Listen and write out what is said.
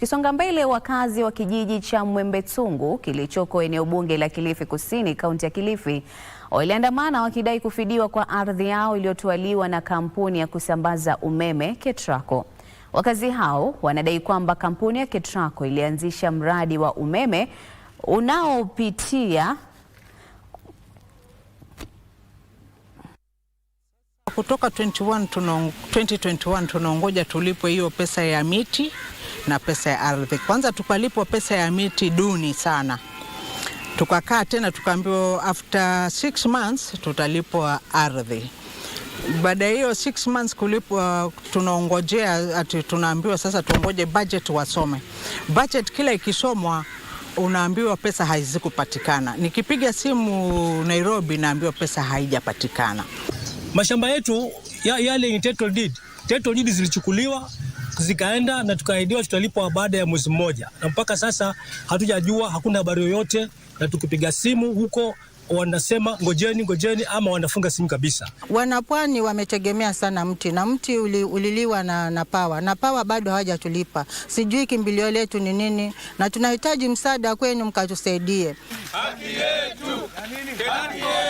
Kisonga mbele, wakazi wa kijiji cha Mwembetungu kilichoko eneo bunge la Kilifi Kusini, kaunti ya Kilifi, waliandamana wakidai kufidiwa kwa ardhi yao iliyotwaliwa na kampuni ya kusambaza umeme KETRACO. Wakazi hao wanadai kwamba kampuni ya KETRACO ilianzisha mradi wa umeme unaopitia kutoka 21 2021 tunaongoja tulipwe hiyo pesa ya miti na pesa ya ardhi. Kwanza tukalipwa pesa ya miti duni sana, tukakaa tena tukaambiwa after six months tutalipwa ardhi. Baada ya hiyo six months kulipwa, tunaongojea ati tunaambiwa sasa tuongoje budget wasome. Budget kila ikisomwa unaambiwa pesa hazikupatikana. Nikipiga simu Nairobi naambiwa pesa haijapatikana. Mashamba yetu ya, yale ni title deed. Title deed zilichukuliwa zikaenda na tukaahidiwa tutalipwa baada ya mwezi mmoja, na mpaka sasa hatujajua, hakuna habari yoyote, na tukipiga simu huko wanasema ngojeni, ngojeni, ama wanafunga simu kabisa. Wanapwani wametegemea sana mti na mti uli, uliliwa na, na pawa na pawa bado hawajatulipa. Sijui kimbilio letu ni nini, na tunahitaji msaada kwenu mkatusaidie. Haki yetu! Haki yetu!